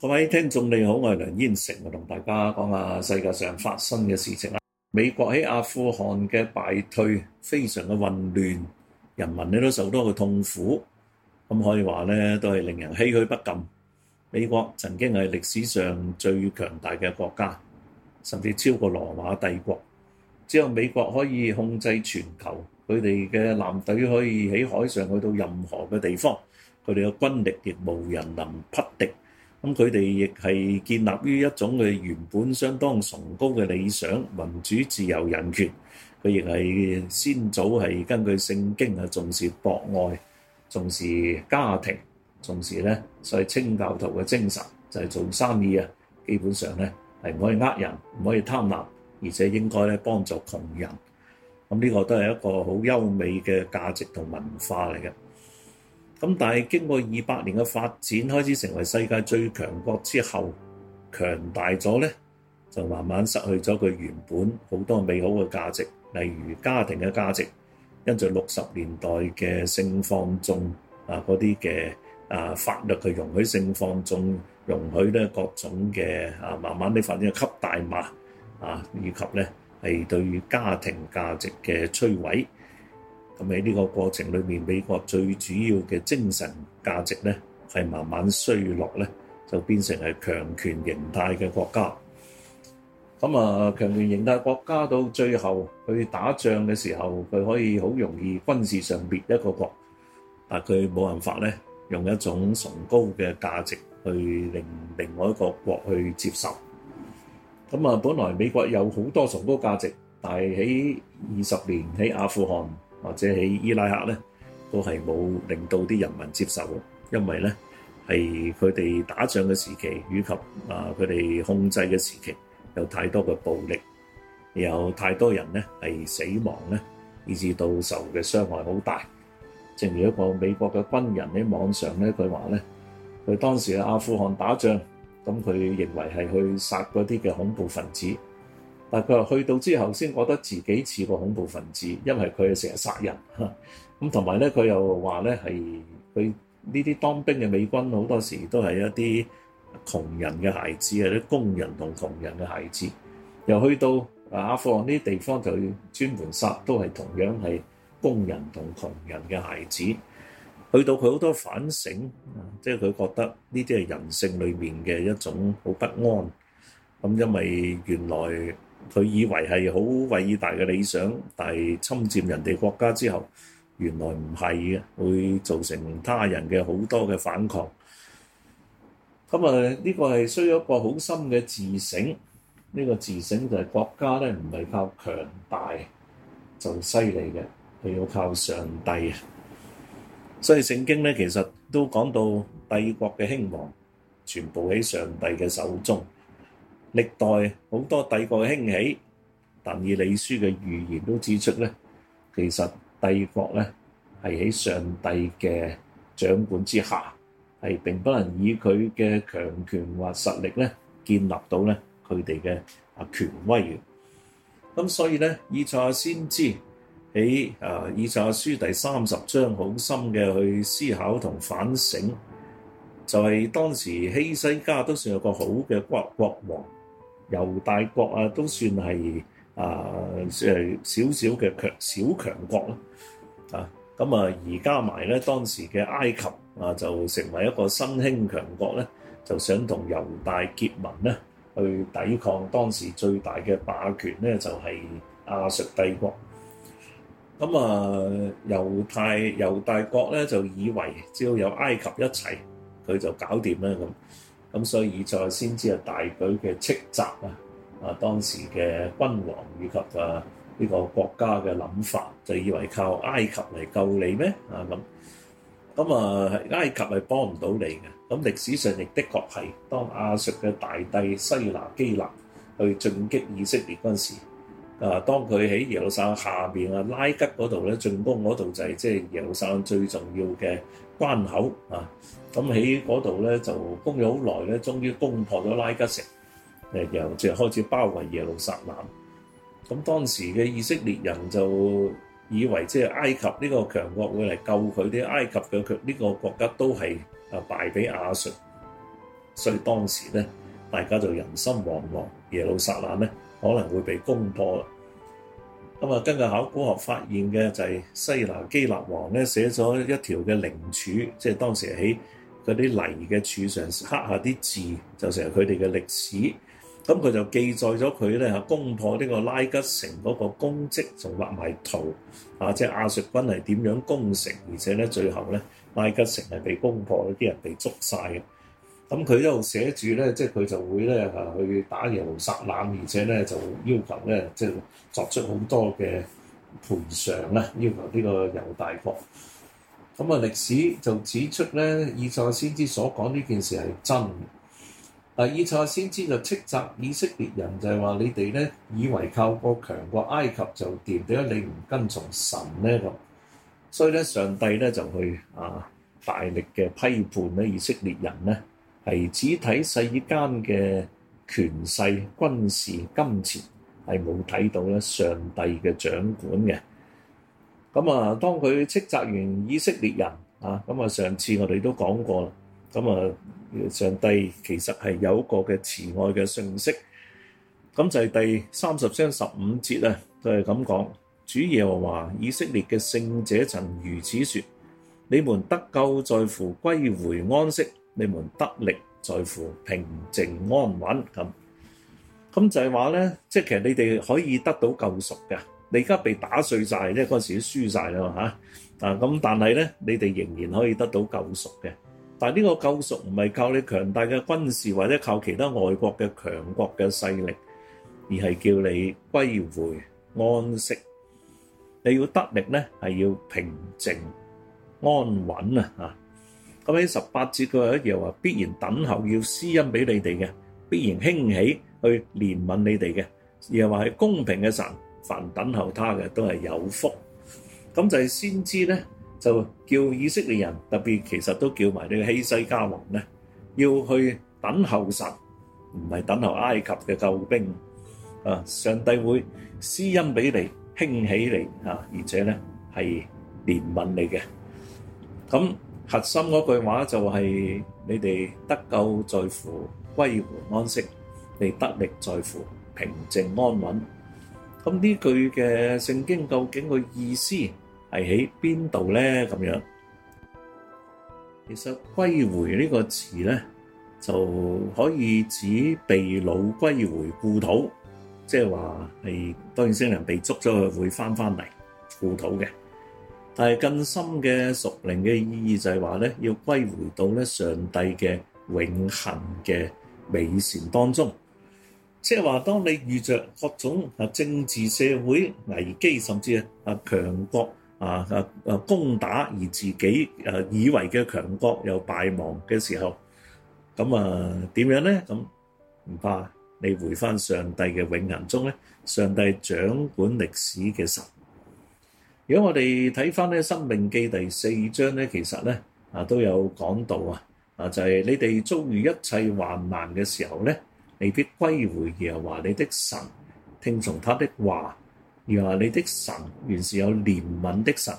各位聽眾你好，我係梁燕成，我同大家講下世界上發生嘅事情啦。美國喺阿富汗嘅敗退非常嘅混亂，人民咧都受到嘅痛苦，咁可以話咧都係令人唏噓不禁。美國曾經係歷史上最強大嘅國家，甚至超過羅馬帝國，只有美國可以控制全球，佢哋嘅艦隊可以喺海上去到任何嘅地方，佢哋嘅軍力亦無人能匹敵。咁佢哋亦係建立於一種嘅原本相當崇高嘅理想——民主、自由、人權。佢亦係先祖，係根據聖經啊，重視博愛，重視家庭，重視咧，所以清教徒嘅精神就係、是、做生意啊，基本上咧係唔可以呃人，唔可以貪婪，而且應該咧幫助窮人。咁呢個都係一個好優美嘅價值同文化嚟嘅。咁但係經過二百年嘅發展，開始成為世界最強國之後，強大咗咧，就慢慢失去咗佢原本好多美好嘅價值，例如家庭嘅價值。跟住六十年代嘅性放縱啊，嗰啲嘅啊法律去容許性放縱，容許咧各種嘅啊，慢慢啲發展嘅吸大麻啊，以及咧係對於家庭價值嘅摧毀。咁喺呢個過程裏面，美國最主要嘅精神價值呢，係慢慢衰落呢，就變成係強權形態嘅國家。咁啊，強權形態國家到最後去打仗嘅時候，佢可以好容易軍事上滅一個國，但佢冇辦法呢用一種崇高嘅價值去令另外一個國去接受。咁啊，本來美國有好多崇高價值，但係喺二十年喺阿富汗。或者喺伊拉克咧，都係冇令到啲人民接受嘅，因為咧係佢哋打仗嘅時期，以及啊佢哋控制嘅時期，有太多嘅暴力，有太多人咧係死亡咧，以至到受嘅傷害好大。正如一個美國嘅軍人喺網上咧，佢話咧，佢當時喺阿富汗打仗，咁佢認為係去殺嗰啲嘅恐怖分子。但佢話去到之後，先覺得自己似個恐怖分子，因為佢係成日殺人嚇。咁同埋咧，佢又話咧係佢呢啲當兵嘅美軍好多時都係一啲窮人嘅孩子，係啲工人同窮人嘅孩子。又去到阿富汗呢啲地方，就專門殺，都係同樣係工人同窮人嘅孩子。去到佢好多反省，即係佢覺得呢啲係人性裏面嘅一種好不安。咁因為原來。佢以為係好偉大嘅理想，但係侵佔人哋國家之後，原來唔係嘅，會造成他人嘅好多嘅反抗。咁啊，呢個係需要一個好深嘅自省。呢個自省就係國家咧，唔係靠強大就犀利嘅，係要靠上帝。所以聖經咧，其實都講到帝國嘅興亡，全部喺上帝嘅手中。歷代好多帝國興起，但以理書嘅預言都指出咧，其實帝國咧係喺上帝嘅掌管之下，係並不能以佢嘅強權或實力咧建立到咧佢哋嘅啊權威嘅。咁所以咧，以賽亞先知喺啊，以賽亞書第三十章好深嘅去思考同反省，就係當時希西家都算有個好嘅國國王。猶大國啊，都算係啊，即係少少嘅強小強國咯。啊，咁啊，而加埋咧，當時嘅埃及啊，就成為一個新興強國咧，就想同猶大結盟咧，去抵抗當時最大嘅霸權咧，就係亞述帝國。咁啊，猶太猶大國咧，就以為只要有埃及一齊，佢就搞掂啦咁。咁所以才先知係大舉嘅斥責啊！啊，當時嘅君王以及啊呢、這個國家嘅諗法，就以為靠埃及嚟救你咩？啊咁，咁啊，啊埃及係幫唔到你嘅。咁、啊、歷史上亦的確係，當亞述嘅大帝西拿基立去進擊以色列嗰陣時，啊當佢喺耶路撒下邊啊拉吉嗰度咧進攻嗰度，就係即係耶路撒最重要嘅。關口啊，咁喺嗰度咧就攻咗好耐咧，終於攻破咗拉吉城，誒又即係開始包圍耶路撒冷。咁當時嘅以色列人就以為即係埃及呢個強國會嚟救佢哋，埃及嘅強呢個國家都係啊敗俾亞述，所以當時咧大家就人心惶惶，耶路撒冷咧可能會被攻破。咁啊，根據考古學發現嘅就係西拿基立王咧，寫咗一條嘅陵柱，即係當時喺嗰啲泥嘅柱上刻下啲字，就成日佢哋嘅歷史。咁佢就記載咗佢咧嚇攻破呢個拉吉城嗰個功績，仲畫埋圖啊！即係亞述軍係點樣攻城，而且咧最後咧拉吉城係被攻破，啲人被捉晒嘅。咁佢一路寫住咧，即係佢就會咧啊去打耶路撒冷，而且咧就要求咧，即係作出好多嘅賠償啦。要求呢個猶大國咁啊。歷史就指出咧，以賽先知所講呢件事係真嘅。啊，以賽先知就斥責以色列人，就係、是、話你哋咧以為靠個強國埃及就掂，點解你唔跟從神咧？咁所以咧，上帝咧就去啊大力嘅批判咧以色列人咧。係只睇世間嘅權勢、軍事、金錢，係冇睇到咧上帝嘅掌管嘅。咁啊，當佢斥責完以色列人啊，咁啊上次我哋都講過啦。咁啊，上帝其實係有一個嘅慈愛嘅信息。咁就係第三十章十五節啊，都係咁講。主耶和華以色列嘅聖者曾如此説：你們得救在乎歸回安息。你們得力在乎平靜安穩，咁咁就係話咧，即係其實你哋可以得到救贖嘅。你而家被打碎曬咧，嗰時都輸曬啦嘛嚇啊！咁但係咧，你哋仍然可以得到救贖嘅。但係呢個救贖唔係靠你強大嘅軍事，或者靠其他外國嘅強國嘅勢力，而係叫你歸回安息。你要得力咧，係要平靜安穩啊！嚇～咁喺十八節佢又一樣話，必然等候要施恩俾你哋嘅，必然興起去憐憫你哋嘅，又話係公平嘅神，凡等候他嘅都係有福。咁就係先知咧，就叫以色列人，特別其實都叫埋呢個希西家王咧，要去等候神，唔係等候埃及嘅救兵。啊，上帝會施恩俾你，興起你啊，而且咧係憐憫你嘅。咁核心嗰句話就係、是、你哋得救在乎歸回安息，你得力在乎平靜安穩。咁呢句嘅聖經究竟個意思係喺邊度咧？咁樣，其實歸回個詞呢個詞咧就可以指被擄歸回故土，即係話係當然聖人被捉咗去會返返嚟故土嘅。但係更深嘅屬靈嘅意義就係話咧，要歸回到咧上帝嘅永恆嘅美善當中，即係話，當你遇着各種啊政治、社會危機，甚至啊啊強國啊啊啊攻打而自己誒、啊、以為嘅強國又敗亡嘅時候，咁啊點樣咧？咁唔怕，你回返上帝嘅永恆中咧，上帝掌管歷史嘅神。如果我哋睇返咧《申命記》第四章咧，其實咧啊都有講到啊啊就係，你哋遭遇一切患難嘅時候咧，你必歸回耶和華你的神，聽從他的話，耶和華你的神原是有憐憫的神，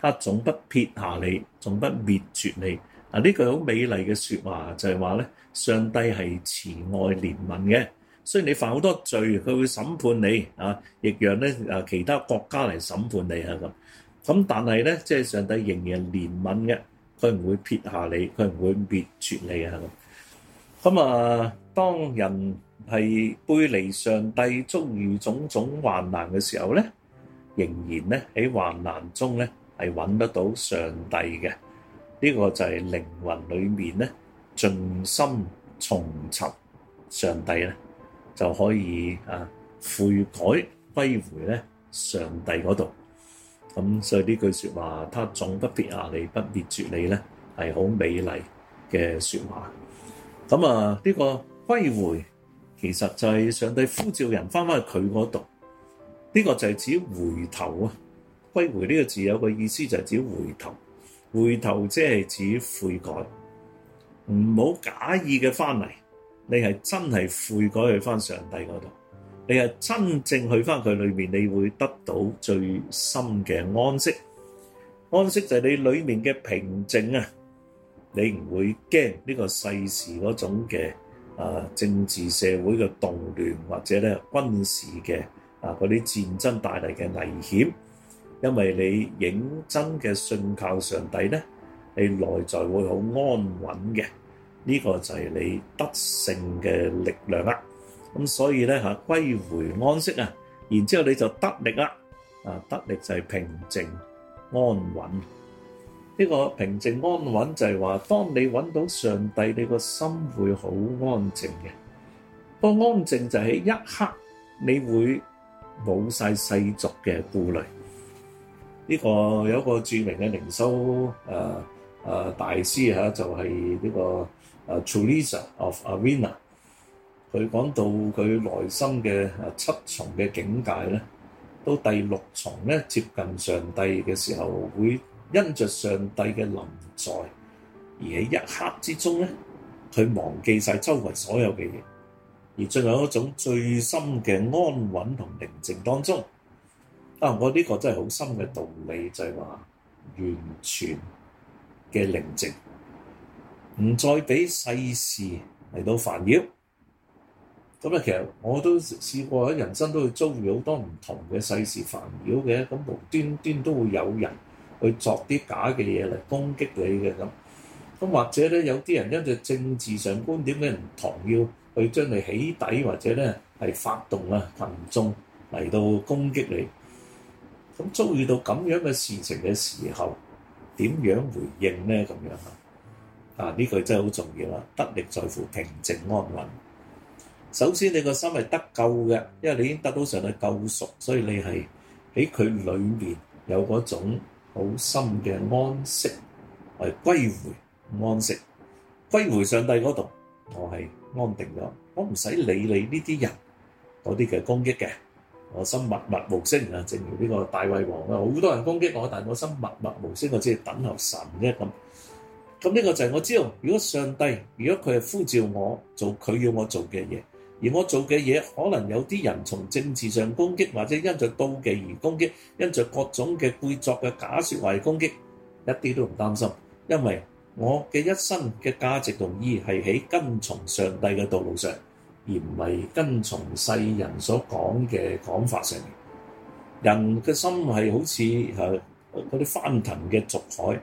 祂總不撇下你，總不滅絕你。嗱，呢句好美麗嘅説話就係話咧，上帝係慈愛憐憫嘅。雖然你犯好多罪，佢會審判你啊！亦讓咧啊，其他國家嚟審判你啊咁。咁但係咧，即係上帝仍然係憐憫嘅，佢唔會撇下你，佢唔會滅絕你啊咁。咁啊，當人係背離上帝，遭遇種種患難嘅時候咧，仍然咧喺患難中咧係揾得到上帝嘅。呢個就係靈魂裡面咧盡心重尋上帝咧。就可以啊，悔改歸回咧，上帝嗰度。咁、嗯、所以呢句説話，他總不必亞利，不滅絕你咧，係好美麗嘅説話。咁、嗯、啊，呢、這個歸回其實就係上帝呼召人翻翻去佢嗰度。呢、這個就係指回頭啊，歸回呢個字有個意思就係指回頭，回頭即係指悔改，唔好假意嘅翻嚟。你係真係悔改去返上帝嗰度，你係真正去返佢裏面，你會得到最深嘅安息。安息就係你裏面嘅平靜啊，你唔會驚呢個世事嗰種嘅啊政治社會嘅動亂，或者咧軍事嘅啊嗰啲戰爭帶嚟嘅危險，因為你認真嘅信靠上帝咧，你內在會好安穩嘅。呢個就係你得勝嘅力量啦，咁所以咧嚇歸回安息啊，然之後你就得力啦，啊得力就係平靜安穩。呢個平靜安穩就係話，當你揾到上帝，你個心會好安靜嘅。個安靜就係一刻，你會冇曬世俗嘅顧慮。呢個有一個著名嘅靈修誒。誒、uh, 大師嚇、uh, 就係呢、這個誒 Teresa of Avila，佢講到佢內心嘅誒、uh, 七重嘅境界咧，到第六重咧，接近上帝嘅時候，會因着上帝嘅臨在而喺一刻之中咧，佢忘記晒周圍所有嘅嘢，而進入一種最深嘅安穩同寧靜當中。啊，我呢個真係好深嘅道理，就係、是、話完全。嘅寧靜唔再俾世事嚟到煩擾。咁啊，其實我都試過喺人生都會遭遇好多唔同嘅世事煩擾嘅。咁無端端都會有人去作啲假嘅嘢嚟攻擊你嘅咁。咁或者咧，有啲人因為政治上觀點嘅唔同，要去將你起底，或者咧係發動啊群眾嚟到攻擊你。咁遭遇到咁樣嘅事情嘅時候。點樣回應呢？咁樣啊！啊！呢句真係好重要啊！得力在乎平靜安穩。首先，你個心係得救嘅，因為你已經得到上帝救贖，所以你係喺佢裏面有嗰種好深嘅安息，係歸回安息，歸回上帝嗰度，我係安定咗，我唔使理你呢啲人嗰啲嘅攻擊嘅。我心默默無聲啊！正如呢個大衛王啊，好多人攻擊我，但係我心默默無聲，我只係等候神啫咁。咁呢個就係我知道，如果上帝如果佢係呼召我做佢要我做嘅嘢，而我做嘅嘢可能有啲人從政治上攻擊，或者因著妒忌而攻擊，因著各種嘅背作嘅假說話而攻擊，一啲都唔擔心，因為我嘅一生嘅價值同意義係喺跟從上帝嘅道路上。而唔係跟從世人所講嘅講法上面，人嘅心係好似誒嗰啲翻騰嘅俗海，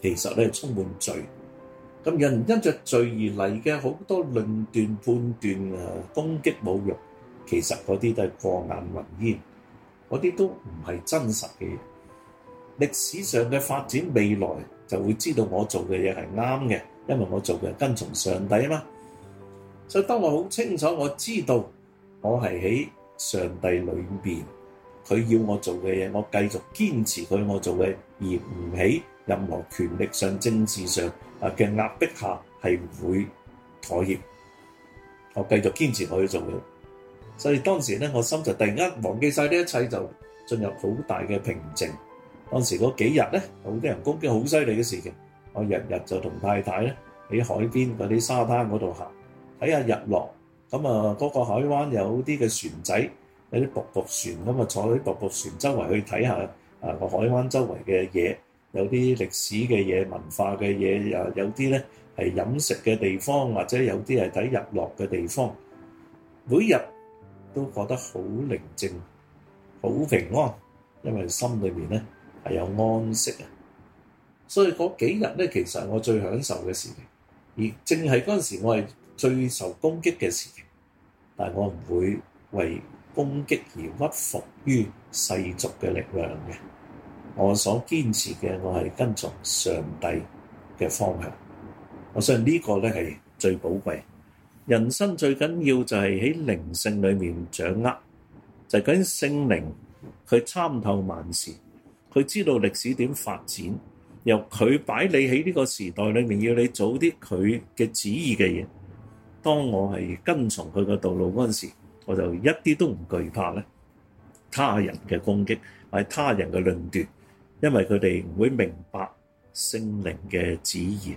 其實咧，充滿罪。咁人因著罪而嚟嘅好多論斷、判斷、誒攻擊、侮辱，其實嗰啲都係過眼雲煙，嗰啲都唔係真實嘅嘢。歷史上嘅發展，未來就會知道我做嘅嘢係啱嘅，因為我做嘅係跟從上帝啊嘛。所以當我好清楚，我知道我係喺上帝裏面，佢要我做嘅嘢，我繼續堅持佢我做嘅，而唔喺任何權力上、政治上啊嘅壓迫下係唔會妥協。我繼續堅持我要做嘅。所以當時咧，我心就突然間忘記曬呢一切，就進入好大嘅平靜。當時嗰幾日咧，好多人攻擊好犀利嘅事情，我日日就同太太咧喺海邊嗰啲沙灘嗰度行。睇下日落，咁啊嗰個海灣有啲嘅船仔，有啲駁駁船，咁啊坐喺駁駁船周圍去睇下啊個海灣周圍嘅嘢，有啲歷史嘅嘢、文化嘅嘢，又係有啲咧係飲食嘅地方，或者有啲係睇日落嘅地方。每日都覺得好寧靜、好平安，因為心裏面咧係有安息啊。所以嗰幾日咧，其實我最享受嘅事情，而正係嗰陣時，我係最受攻擊嘅事，但係我唔會為攻擊而屈服於世俗嘅力量嘅。我所堅持嘅，我係跟從上帝嘅方向。我相信呢個咧係最寶貴，人生最緊要就係喺靈性裡面掌握，就係嗰啲聖靈去參透萬事，佢知道歷史點發展，由佢擺你喺呢個時代裏面，要你做啲佢嘅旨意嘅嘢。當我係跟從佢個道路嗰陣時，我就一啲都唔懼怕咧他人嘅攻擊，或他人嘅論斷，因為佢哋唔會明白聖靈嘅旨意。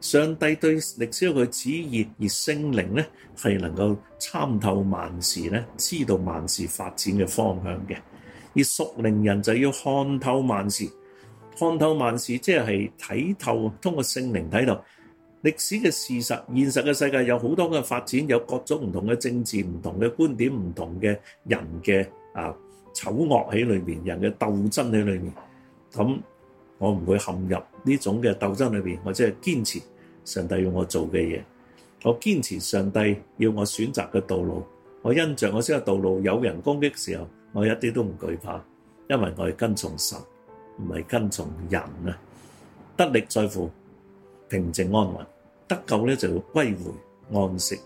上帝對歷史有佢嘅旨意，而聖靈咧係能夠參透萬事咧，知道萬事發展嘅方向嘅。而屬靈人就要看透萬事，看透萬事即係睇透，通過聖靈睇透。歷史嘅事實，現實嘅世界有好多嘅發展，有各種唔同嘅政治、唔同嘅觀點、唔同嘅人嘅啊、呃、醜惡喺裏面，人嘅鬥爭喺裏面。咁我唔會陷入呢種嘅鬥爭裏面，我只係堅持上帝要我做嘅嘢，我堅持上帝要我選擇嘅道路，我欣賞我先嘅道路。有人攻擊嘅時候，我一啲都唔懼怕，因為我係跟從神，唔係跟從人啊。得力在乎平靜安穩。得救呢，就會歸回安息。